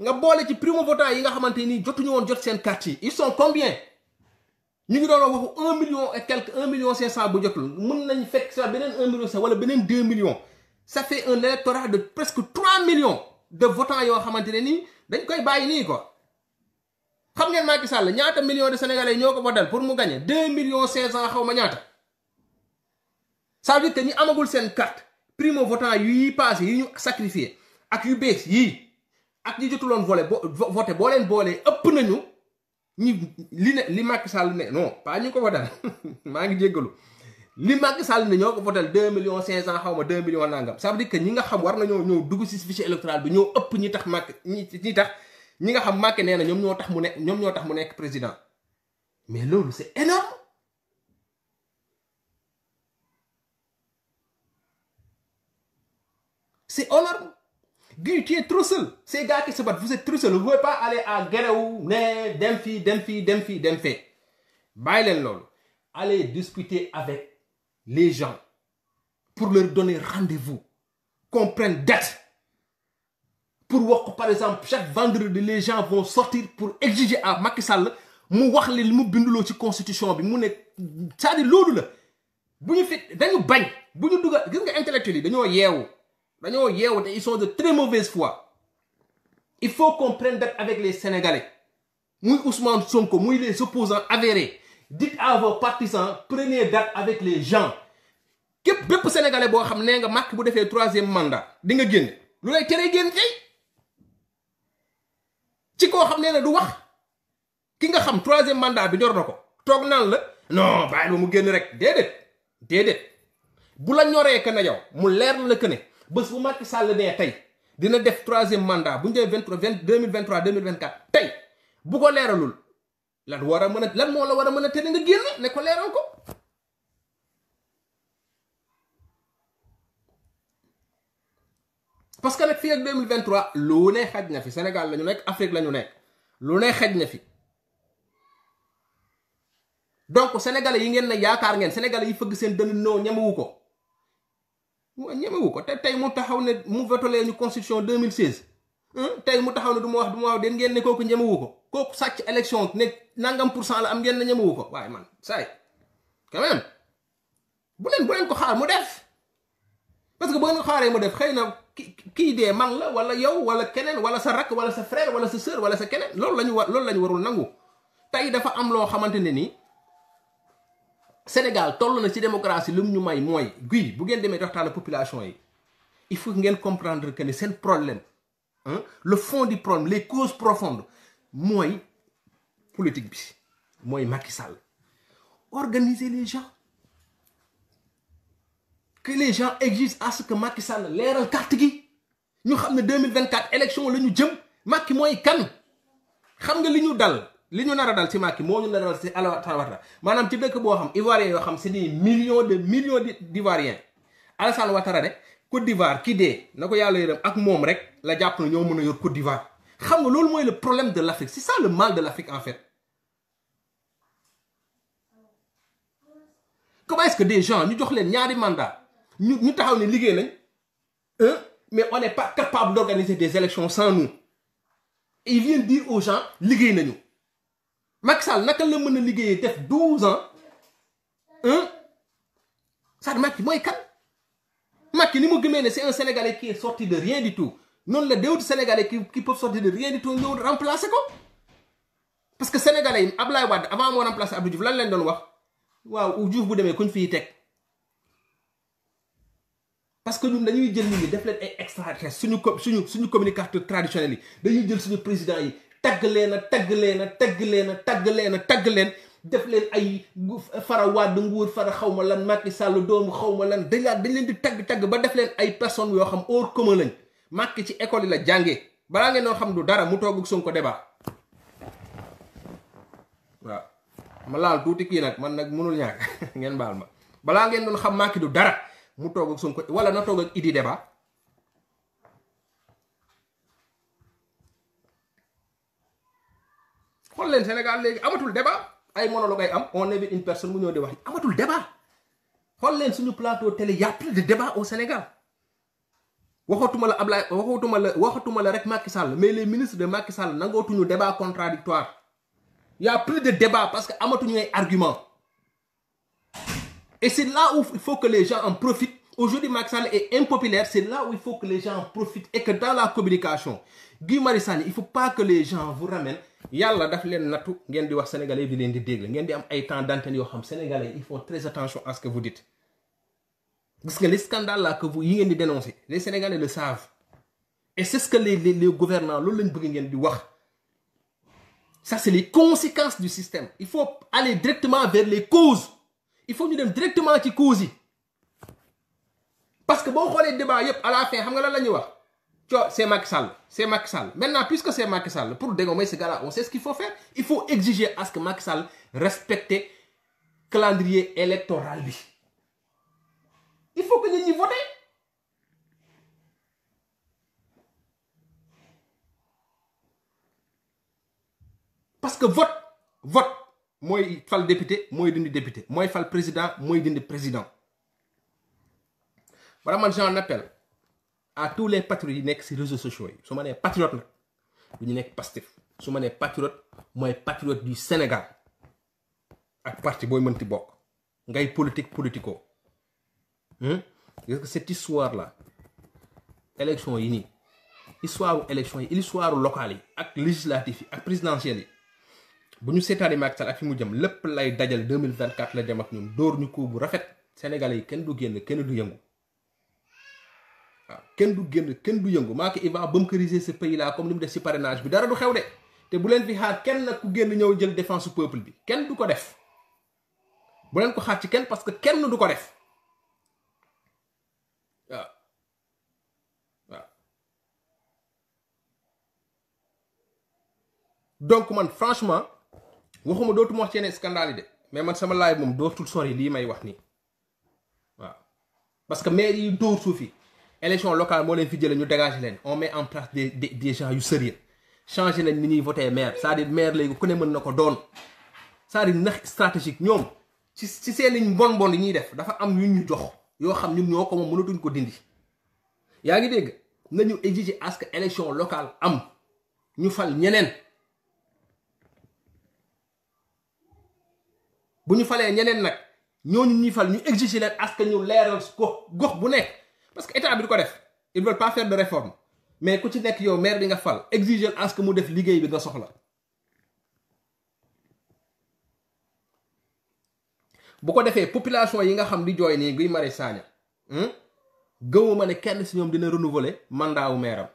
nga boole ci primo votant yi nga xamante ni jotuñu woon jot seen carte yi ils sont combien ñu ngi doon waxu un million et quelque un million cinq cent bu jotul mën nañ fekk sa beneen un million cinq wala beneen deux millions ça fait un électorat de presque trois millions yoo xamante ne nii dañ koy bàyyi nii quoi xam ngeen Macky Sall ñaata millions de sénégalais ñoo ko votal pour mu gagné deux millions cinq cent xaw ma ñaata. ça veut dire que ñi amagul seen carte primo votant yuy passé yi ñu sacrifié ak yu bees yii ak ñi jotuloon volet bo voté boo leen boolee ëpp nañu ñi li ne li Macky Sall ne non pas ñu ko votal maa ngi jéggalu li Macky Sall ne ñoo ko votal deux millions cinq cent xaw ma deux millions nangam ça veut dire que ñi nga xam war nañoo ñëw dugg si fichier électoral bi ñoo ëpp ñi tax Macky ñi ñi tax ñi nga xam Macky nee na ñoom ñoo tax mu ne ñoom ñoo tax mu nekk président mais loolu c'est énorme tu, tu es trop seul. Ces gars qui se battent, vous êtes trop seul. Vous ne à Guéreou, mais dem fi, dem fi, dem fi, dem fi. Bàyyi leen loolu Allez discuter avec les gens pour leur donner rendez-vous. Qu'on prenne Pour wax par exemple chaque vendredi les gens vont sortir pour exiger à Macky Sall mu wax li mu binduloo ci constitution bi mu ne cest à loolu la bu ñu fi dañu bañ bu ñu dugal gis nga dañoo yeewu. dañoo yeewu te ils sont de très mauvaise fois il faut qu'on prenne avec les sénégalais muy Ousmane Sonko muy les opposants avérés dites à vos partisans prenez date avec les gens képp bépp sénégalais boo xam nee nga Macky bu defee troisième mandat di nga génn lu lay teree génn tey ci koo xam nee na du wax ki nga xam troisième mandat bi ñor na ko toog naan la non bàyyi ba mu génn rek déedéet déedéet bu la ñoree que ne yow mu leer la que ne bés bu Macky Sall nee tey dina def troisième mandat bu ñu dee vingt trois vingt deux mille vingt trois deux tey bu ko leeralul lan war a mën a lan moo la war a mën a tere nga génn ne ko leeral ko. parce que nag fii ak deux mille vingt trois lu ne xaj na fi Sénégal la ñu nekk Afrique la ñu nekk lu ne xaj na fi. donc sénégalais yi ngeen ne yaakaar ngeen sénégalais yi fëgg seen dënn noo ñemewu ko waa ñemewu ko te tey mu taxaw ne mu vétolé ñu constitution 2016 tey mu taxaw ne du ma wax du ma wax den ngeen ne kooku ñemewu ko kooku sàcc élection ne nangam pour cent la am ngeen ne ñemewu ko waaye man saay quand même bu ko xaar mu def parce que boo leen xaaree mu def xëy na kii dee man la wala yow wala keneen wala sa rakk wala sa frère wala sa sœur wala sa keneen loolu la ñu war loolu la ñu warul nangu tey dafa am loo xamante ne nii Sénégal toll na ci démocratie lu mu ñu may mooy guy bu ngeen demee di waxtaan population yi il faut ngeen comprendre que ni seen problème le fond du problème les causes profondes mooy politique bi mooy Macky Sall organiser les gens que les gens exigent à ce que Macky Sall leeral carte gi ñu xam ne 2024 élection la ñu jëm Macky mooy kan xam nga li ñu dal. li ñu nar a dal ci Macky moo ñu nar a dal ci Alassane Ouattara maanaam ci dëkk boo xam Ivoirien yoo xam c'est des millions de millions d'Ivoiriens Alassane Ouattara de Côte d'Ivoire ki dee na ko yàlla yërëm ak moom rek la jàpp na ñoo mën a yor Côte d'Ivoire xam nga loolu mooy le problème de l'Afrique c'est ça le mal de l'Afrique en fait comment que des gens ñu jox leen ñaari mandat ñu ñu taxaw ne liggéey nañ mais on n'est pas capable d'organiser des élections sans nous et ils viennent dire aux liggéey nañu Macky Sall naka la mën a liggéeyee def douze ans un Sadio Macky mooy kan Macky ni mu gëmee ne c'est un Sénégalais qui est sorti de rien du tout noonu la déwut Sénégalais qui qui peuvent sortir de rien du tout ñëw remplacer ko parce que Sénégalais yi Ablaye Wade avant moo remplacer Abdou Diouf lan leen doon wax waaw Diouf bu demee kuñ fiy teg parce que ñun dañuy jël nit ñi def leen ay extraterrestres suñu suñu suñu communicateur traditionnel yi dañuy jël suñu président yi tagg leen a tagg leen a tagg leen a tagg leen a tagg leen def leen ay fara wadd nguur fara xaw ma lan Macky Sall doomu xaw ma lan dañ dañ leen di tagg tagg ba def leen ay personnes yoo xam hors commun lañ Macky ci école yi la jàngee balaa ngeen noo xam du dara mu toog ak Sonko débat laal tuuti kii nag man nag mënul ñàkk ngeen baal ma balaa ngeen doon xam Macky du dara mu toog ak Sonko wala na toog ak Idi débat xool leen Sénégal léegi amatul débat ay monologue ay am on invite une personne mu ñëw di wax amatul débat xool leen suñu plateau télé y a plus de débat au Sénégal waxatuma la Ablaye waxatuma la waxatuma la rek Macky Sall mais les ministre de Macky Sall nangootuñu débat contradictoire y a plus de débat parce que amatuñu ay argument et c'est là où il faut que les gens en profitent aujourd'hui Macky Sall est impopulaire c'est là où il en profitent et que dans la communication Guy Marius Sagna il faut que les gens vous ramènent yàlla daf leen nattu ngeen di wax sénégalais di leen di déglu ngeen di am ay temps d'antenne yoo xam sénégalais il faut très attention à ce que vous dites gis nga les scandales là que vous yi ngeen di dénoncer les sénégalais le savent et c'est ce que les les loolu lañ bëgg ngeen di wax ça c'est les conséquences du système il faut aller directement vers les causes il faut ñu dem directement ci causes yi parce que boo xoolee débat yëpp a la fin xam nga lan la ñuy wax. c'est Macky Sall c'est Macky Sall maintenant puisque c'est Macky Sall pour dégommer ce gars-là on sait ce qu'il faut faire il faut exiger à que Macky Sall respecte calendrier électoral bi il faut que nit ñi vote parce que vote vote mooy fal député mooy dindi député mooy fal président mooy dindi président vraiment j'en appelle à tous les patriotes yi nekk si réseaux sociaux yi su ma nee patriote nag du ñu nekk Pastef su ma nee patriote mooy patriote du Sénégal ak parti booy mënti bokk ngay politique politico hmm? parce que cette histoire là élection yi nii histoire élection yi histoire locale yi ak législative yi ak présidentielle yi bu ñu seetaanee Macky Sall ak fi mu jëm lépp lay dajal 2024 la jëm ak ñun dóor ñu ko bu rafet Sénégalais yi kenn du génn kenn du yëngu waaw kenn du génn kenn du yëngu maa ko Ivan bunkeriser ce pays là comme ni mu def ci parrainage bi dara du xew de te bu leen fi xaar kenn nag ku génn ñëw jël défense su peuple bi kenn du ko def bu leen ko xaar ci kenn parce que kenn du ko def waaw waaw man franchement waxuma dootuma wax ci yeneen scandale yi de mais man sama laay moom dootul sori lii may wax ni waaw parce que mais yi dóor suuf élection locale moo leen fi jëlee ñu dégager leen on met en place des des des gens yu sérieux changé nañ ni ñuy voté maire c'est-à-dire maire léegi ku ne mën na ko doon c'est-à-dire ndax stratégique ñoom ci ci seeni mbon mbon yi ñuy def dafa am yu ñu jox yoo xam ñun ñoo ko moom mënatuñ ko dindi. yaa ngi dégg nañu exiger à ce que élection locale am ñu fal ñeneen bu ñu falee ñeneen nag ñooñu ñuy fal ñu exiger leen à ñu leeral gox gox bu nekk. parce que état bi du ko def ils veulent de réforme mais ku ci nekk yow maire bi nga fal exiger à mu def liggéey bi nga soxla bu ko defee population yi nga xam di jooy nii Guy Marius Sagna hmm? gëwuma ne kenn si ñoom dina renouveler mandat wu maire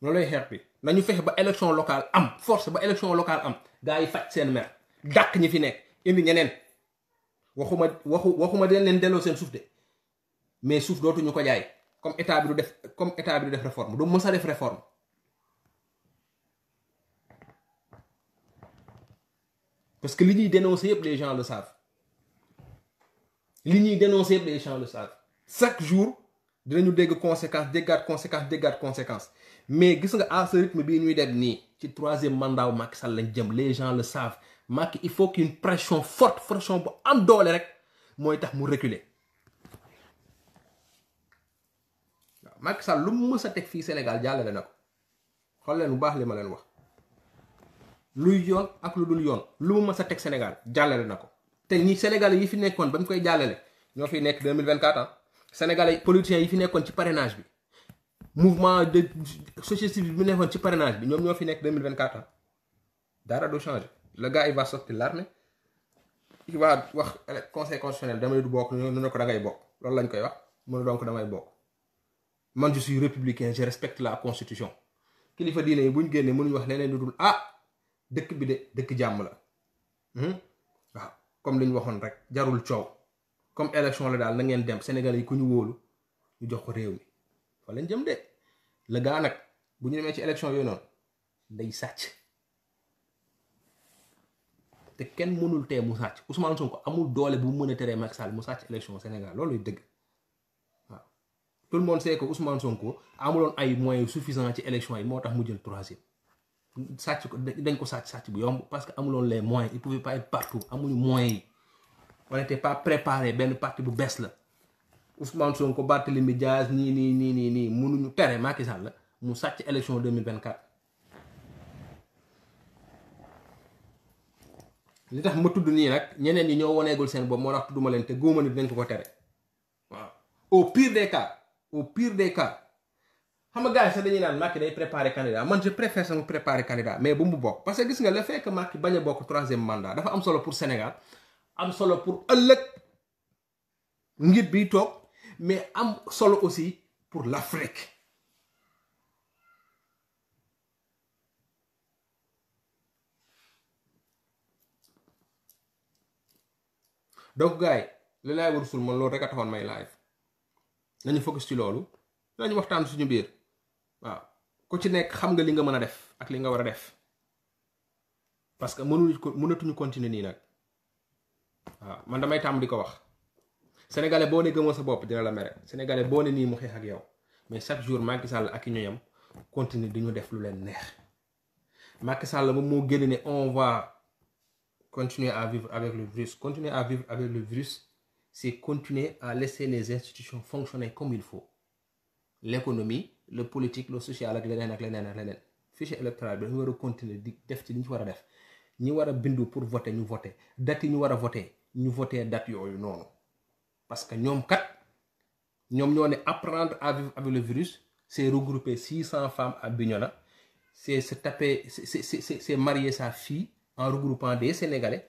loolu lay xeex bi nañu fexe ba élection locale am force ba élection locale am gars yi faj seen maire dàq ñi fi nekk indi ñeneen waxuma waxu waxuma den leen delloo seen suuf de mais suuf dootuñu ko jaay comme état bi du def comme état bi du def réforme du mës a def réforme parce que li ñuy dénoncer yëpp les gens le savent li ñuy dénoncer yëpp les gens le savent chaque jour dinañu dégg conséquence déggaat conséquence déggaat conséquence mais gis nga à ce rythme bii ñuy dem nii ci troisième mandat wu Macky Sall lañ jëm les gens le savent Macky il faut qu'une pression forte pression bu am doole rek mooy tax mu reculer waaw Macky Sall lu mu mës a teg fii Sénégal jàllale na ko xool leen bu baax li ma leen wax luy yoon ak lu dul yoon lu mu mës a teg Sénégal jàllale na ko te nii Sénégalais yi fi nekkoon ba mu koy jàllale ñoo fi nekk 2024 ah Sénégalais politiciens yi yi fi nekkoon ci parrainage bi mouvement de société civile bi mu nekkoon ci parrainage bi ñoom ñoo fi nekk 2024 ah dara du changé. le gars il va sortir l'armée il wax conseil constitutionnel damay du bokk ñu ne ko da bokk loolu lañ koy wax mu ne donc damay bokk man je suis républicain je respecte la constitution kilifa diine yi bu ñu génnee mënuñu wax leneen lu dul ah dëkk bi de dëkk jàmm la hmm? waaw comme lu ñu waxoon rek jarul coow comme élection la daal na ngeen dem Sénégal yi ku ñu wóolu ñu jox ko réew mi fa lañ jëm de le gars nag bu ñu demee ci élection yooyu noonu day sàcc. kenn mënul tee mu sàcc Ousmane Sonko amul doole bu mu mën a teree Macky Sall mu sàcc élection Sénégal loolu dëgg waaw tout le Sonko amuloon ay moyens suffisants ci élection yi moo tax mu jël troisième sàcc ko dañ ko sàcc sàcc yomb parce que amuloon les moyens il pouvait pas être amuñu moyens yi on était benn parti bu bees la Ousmane Sonko Barthélémy Dias nii nii nii nii nii mënuñu tere Macky Sall mu sàcc élection 2024 li tax ma tudd nii nag ñeneen ñi ñoo waneegul seen bopp moo tax ma leen te góoma ni dinañ ko ko tere au pire des cas au piir de cas xam nga gars yi sax dañuy naan Macky day préparer candidat man je préfère sama préparer candidat mais bu mu bokk parce que gis nga le fait que Macky bañ a bokk troisième mandat dafa am solo pour Sénégal am solo pour ëllëg ngir bi toog mais am solo aussi pour l'Afrique donc gars yi li laay wërsul man loolu rek a taxoon may live nañu focus ci loolu nañu waxtaan suñu biir waaw ku ci nekk xam nga li nga mën a def ak li nga war a def parce que mënul ko mënatuñu continuer nii nag waaw man damay tàmm di ko wax sénégalais boo ne gëmoo sa bopp dina la mere sénégalais boo ne nii mu xeex ak yow mais chaque jour Macky Sall ak i ñoñam continuer di ñu def lu leen neex Macky Sall moom moo génn ne on Continuer à vivre avec le virus. Continuer à vivre avec le virus, c'est continuer à laisser les institutions fonctionner comme il faut. L'économie, le politique, le social ak leneen ak leneen ak leneen fichier électoral bi dañu war a continuer di def ci li ñu ci war a def ñi war a bindu pour voter ñu voter date ñu war a voter ñu voter date yooyu noonu parce que ñoom kat ñoom ñoo ne apprendre à vivre avec le virus c'est regrouper six cents femmes à Bignona la se taper c'est marier sa fille en regroupant des sénégalais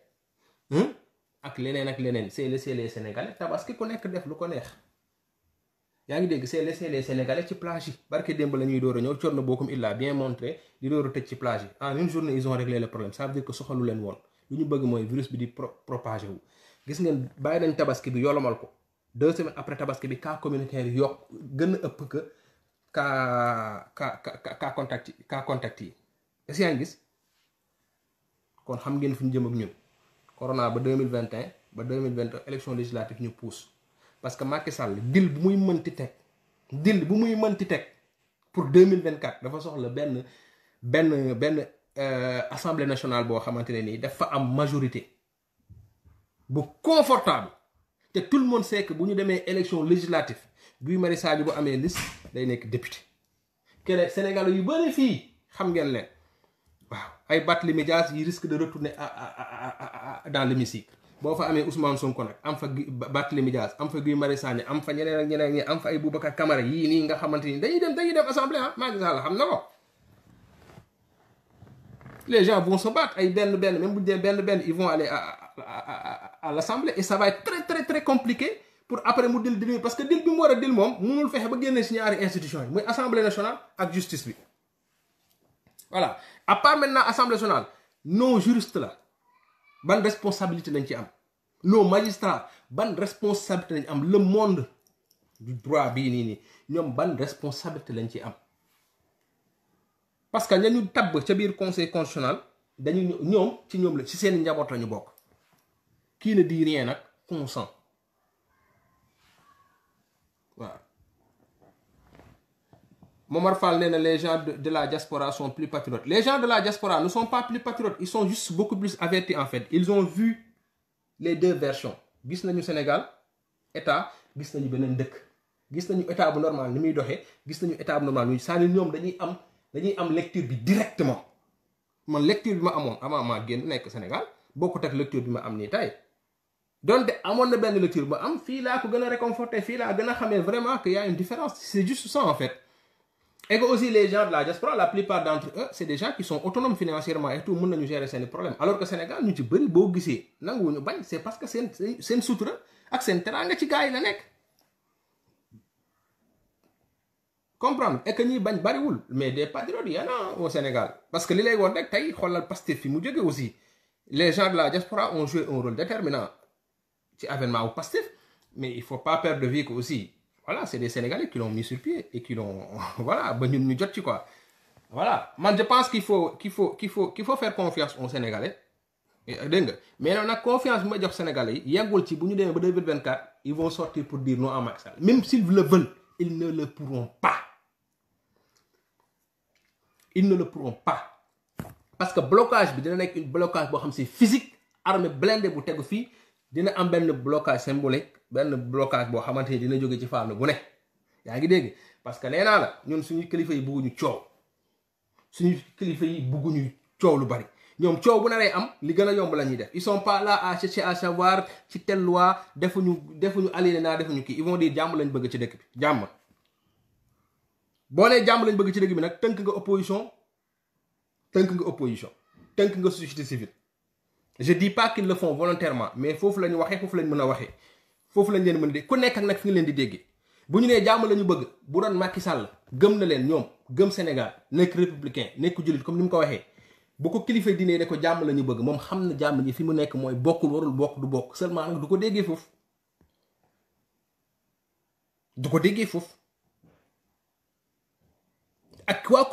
ak leneen ak leneen c'est laisser les sénégalais tabaski ku nekk def lu ko neex yaa ngi dégg c'est laisser les sénégalais ci plage yi barke démb la ñuy door a ñëw Thierno Bocoum il l'a bien montré di door a tëj ci plage yi en une journée ils ont réglé le problème ça veut dire leen woon lu ñu bëgg mooy virus bi di propagé wu. gis ngeen bàyyi nañ tabaski bi yolomal ko deux semaines après tabaski bi ka communautaire yi yokk gën a ëpp que cas cas cas contact yi yi est kon xam ngeen fi ñu jëm ak ñun corona ba deux mille vingt et un ba deux mille vingt et un élection législative ñu pousse parce que Macky Sall dil bu muy mënti teg dil bu muy mënti teg pour deux mille vingt quatre dafa soxla benn benn benn euh, assemblée nationale boo xamante ne nii dafa am majorité bu confortable te tout le monde sait bu ñu demee élection législative Guy Marius Sagna bu amee liste day nekk député kene Sénégal yu bëri fii xam ngeen leen waaw ay Barthélémy Dias yi risque de retourner dans l'hémicycle boo fa amee Ousmane Sonko nag am fa Barthélémy Dias am fa Guy Marius Sagna am fa ñeneen ak ñeneen ak am fa ay Boubacar Camara yii nii nga xamante ni dañuy dem dañuy dem assemblée ah Macky Sall xam na ko les gens vont se ay benn benn même bu ñu dee benn benn ils vont aller à l'assemblée et ça va être très compliqué pour après mu dil dil parce que dil bi mu war a dil moom munul fexe ba génne si ñaari institution yi muy assemblée nationale ak à part maintenant assemblée nationale nos juristes la ban responsabilité nañ ci am nos magistrats ban responsabilité lañ am le monde du droit bii nii nii ñoom ban responsabilité lañ ci am parce que ñañu tabb ca biir conseil constitutionnel dañu ñoom ci ñoom la ci seen njaboot la ñu bokk qui ne dit rien nag Momar Fall nee na les gens de, la diaspora sont plus patriotes les de la diaspora ne sont pas plus patriotes ils sont juste beaucoup plus avertis en fait ils ont vu les deux versions gis nañu Sénégal état gis nañu beneen dëkk gis nañu état bu normal ni muy doxee gis nañu état bu normal ni saani ñoom dañuy am dañuy am lecture bi directement man lecture bi ma amoon avant maa génn nekk Sénégal ko ak lecture bi ma am nii tey donte amoon na benn lecture ba am fii laa ko gën a réconforté fii laa gën a xamee vraiment que y a une différence et que aussi les gens de la diaspora la plupart d'entre eux c'est des gens qui sont autonomes financièrement et tout mën nañu gérer seeni problème alors que Sénégal ñu ci bëri boo gisee nanguwuñu bañ c'est parce que seen seen sutura ak seen teraanga ci gars la nekk comprendre et que ñuy bañ bariwul mais des patriotes y en a au Sénégal parce que li lay woon rek tey xoolal Pastef fi mu jóge aussi les gens de la diaspora ont joué un rôle déterminant ci avénement wu Pastef mais il faut pas perdre de vue aussi voilà c'est des Sénégalais qui l'ont mis sur pied et qui l'ont voilà ba ñun ñu jot ci quoi voilà man je pense qu'il faut qu'il faut qu'il faut qu'il faut faire confiance aux Sénégalais euh, dégg nga mais nag confiance bi ma jox Sénégalais yi yeggul ci bu ñu demee ba 2024 ils vont sortir pour dire non à Macky Sall même s'ils le veulent ils ne le pourront pas ils ne le pourront pas parce que blocage bi dina nekk une blocage boo xam c'est physique armée blindée bu tegu fii dina am benn blocage symbolique benn blocage boo xamante ni dina jóge ci fànn bu ne yaa ngi dégg parce que nee naa la ñun suñu kilifa yi ñu coow suñu kilifa yi bëgguñu coow lu bari ñoom coow bu naree am li gën a yomb la ñuy def ils sont pas là à chercher savoir ci telle loi defuñu defuñu aliné naa ñu kii ils vont dire jàmm lañ bëgg ci dëkk bi jàmm. boo nee jàmm lañ bëgg ci dëkk bi nag tënk nga opposition tënk nga opposition tënk nga société civile. je dis pas qu'ils le font volontairement mais foofu la ñu waxee foofu la ñu mën a waxee foofu lañ leen mën a dégg ku nekk ak nag fi nga leen di déggee bu ñu nee jàmm la ñu bëgg bu doon Macky Sall gëm na leen ñoom gëm Sénégal nekk républicain nekk jullit comme ni mu ko waxee bu ko kilifa diine ne ko jàmm la ñu bëgg moom xam na jàmm ji fi mu nekk mooy bokkul warul bokk du bokk seulement nag du ko déggee foofu ko déggee foofu ak quoi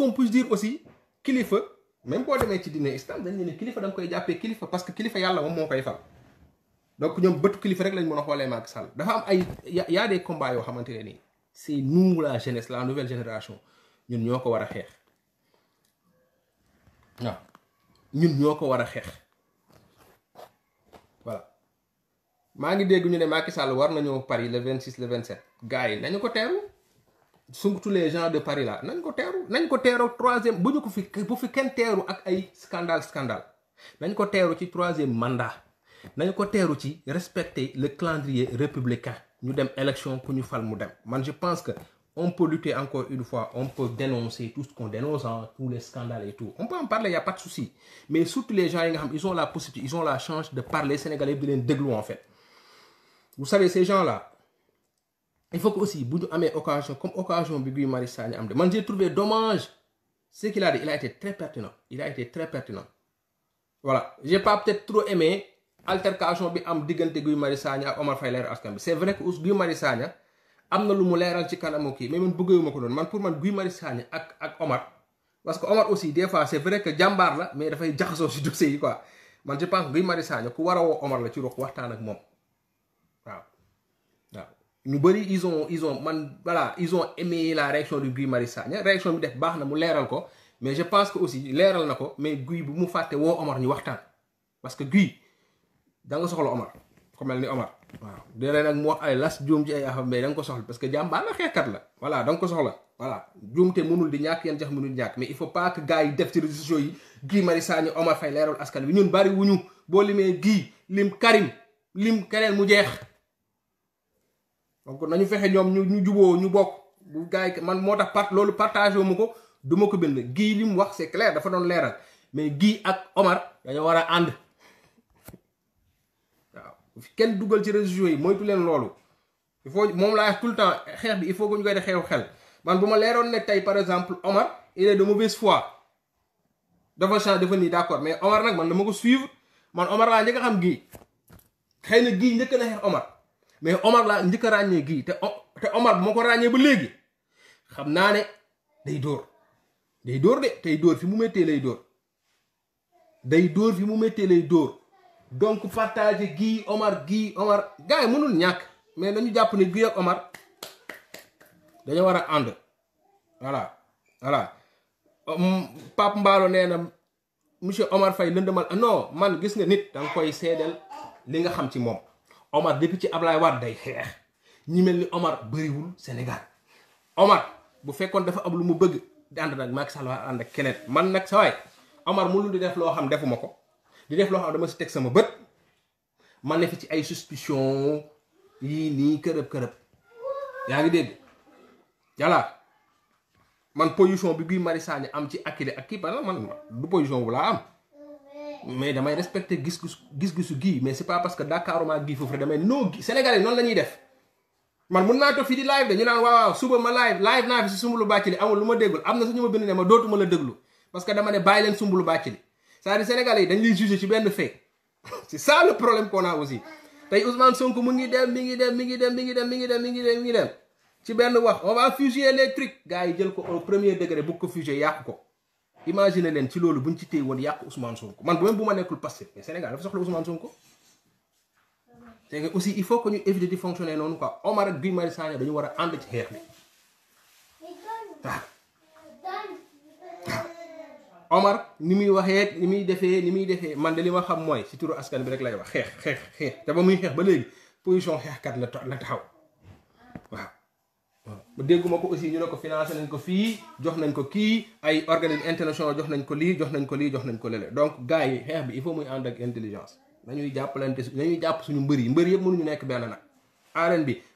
aussi kilifa même boo demee ci diine islam dañ ne kilifa da koy jàppee kilifa parce que kilifa yàlla moom moo koy fal donc ñoom bëtu kilifa rek lañ mën a xoolee Macky Sall dafa am ay y a des combats yoo xamante ne nii si nous la jeunesse la nouvelle génération ñun ñoo ko war a xeex waaw ñun ñoo ko war a xeex voilà maa ngi dégg ñu ne Macky Sall war na ñëw Paris le 26 le 27 gars yi nañu ko teeru surtout les gens de Paris là nañ ko teeru nañ ko teeru troisième bu ñu ko fi bu fi kenn teeru ak ay scandale scandale nañ ko teeru ci troisième mandat nañ ko teeru ci respecter le calendrier républicain ñu dem élection ku ñu fal mu dem man je pense que on peut lutter encore une fois on peut dénoncer tout ce qu'on dénonce tous les scandales et tout on peut en parler y a pas de souci mais surtout les gens yi nga xam ils ont la possibilité ils ont la chance de parler sénégalais bi di leen déglu il faut que aussi bu ñu amee occasion comme occasion bi Guy Marius Sagna am de man j'ai trouvé dommage ce qu'il a dit il a été très pertinent il a été très pertinent voilà j'ai pas bi am diggante Guy Marius Sagna ak Omar Faye leeral askan bi c'est vrai que Guy Marius Sagna am na lu mu leeral ci kanamu kii mais man bëggewuma ko noonu man pour man Guy Marius Sagna ak ak Omar parce que Omar aussi des fois c'est vrai que jàmbaar la mais dafay jaxasoo si dossier yi quoi man je pense a woo la ci ruq waxtaan ak moom ñu bëri ison ison ils ont man voilà ils ont aimé la réaction de Guy Marius Sagna réaction bi def baax na mu leeral ko mais je pense que aussi leeral na ko mais Guy bu mu fàtte woo Omar ñu waxtaan parce que Guy da nga soxla Omar ko mel ni Omar waaw déedéet nag mu ay las juum ci ay mais da nga ko soxla parce que jàmbaar la xeexkat la voilà da nga ko soxla voilà juumte mënul di ñàkk yeen jax mënul ñàkk mais il faut pas que gars yi def ci réseaux sociaux yi Guy Marius Sagna Omar Faye leeral askan bi ñun bëri ñu boo limee Guy lim Karim lim keneen mu jeex donc nañu fexe ñoom ñu ñu juboo ñu bokk bu gaa yi man moo tax part loolu partagé wu ma ko duma ko bind gii li mu wax c'est clair dafa doon leeral mais gii ak Omar dañoo war a ànd waaw kenn dugal ci réseaux yi moytu leen loolu il faut moom laa tout le temps xeex bi il faut ko ñu koy def xeexu xel man bu ma leeroon ne tey par exemple Omar il est de mauvaise foi dafa change defa nii d'accord mais Omar nag man dama ko suivre man Omar laa njëkk a xam gii xëy na gii njëkk mais Omar laa njëkk ràññee gii te te Omar bu ko ràññee ba léegi xam naa ne day dóor day dóor de tey dóor fi mu méttee lay dóor day dóor fi mu méttee lay dóor donc partage gii Omar gii Omar gars yi ñàkk mais dañu jàpp ne gii ak Omar dañoo war a ànd voilà voilà Pape Mballo nee na monsieur Omar Faye lëndëmal non man gis nga nit danga koy seedeel li nga xam ci moom Omar depuis ci Ablaye Wade day xeex ñi mel ni Omar bariwul Sénégal Omar bu fekkoon dafa am lu mu bëgg di ànd nag Macky ak keneen man nag sa waay mënul di def loo xam defuma ko di def loo xam dama si teg sama bët man ne fi ci ay suspicion yii nii kërëb kërëb yaa ngi dégg yàlla man position bi bii Mari Sagna am ci akile ak kii par man du position bu laa am mais damay respecté gis-gis gis-gisu gii mais c'est pas parce que Dakaruma gii foofu rek damay noo gi Sénégalais noonu def man mun naa toog fii di live de ñu naan waaw suba ma live live naa fi si Soumboulou Bathily amul lu ma déggul am na suñu ma bind ne ma dootuma la déglu parce que dama ne bàyyi leen Soumboulou Bathily c'est-à-dire dañ lay jugé ci benn fait c'est ça le problème qu'on a aussi tey Ousmane Sonko mu ngi dem mi ngi dem mi ngi dem mi ngi dem mi ngi dem mi ngi dem mi ngi dem ci benn wax on va fuser les trucs degré bu ko fuser yàq ko imagine leen ci loolu buñ ci téye woon yàq Ousmane Sonko man même bu ma nekkul Pastef mais Sénégal dafa soxla Ousmane Sonko. c'est que aussi il faut que ñu éviter di fonctionner noonu quoi Omar ak Guy Marius Sagna dañu war a ànd ci xeex bi Omar ni muy waxee ni muy defee ni muy defee man de li ma xam mooy si turu askan bi rek lay wax xeex xeex te ba muy xeex ba léegi position xeexkat la la taxaw waaw dégguma ko aussi ñu ne ko financé nañ ko fii jox nañ ko kii ay organisme international jox nañ ko lii jox nañ ko lii jox nañ ko lële donc gars yi xeex bi il faut muy ànd ak intelligence nañuy jàppalante nañuy jàpp suñu mbër yi mbër yëpp mënuñu nekk benn na arène bi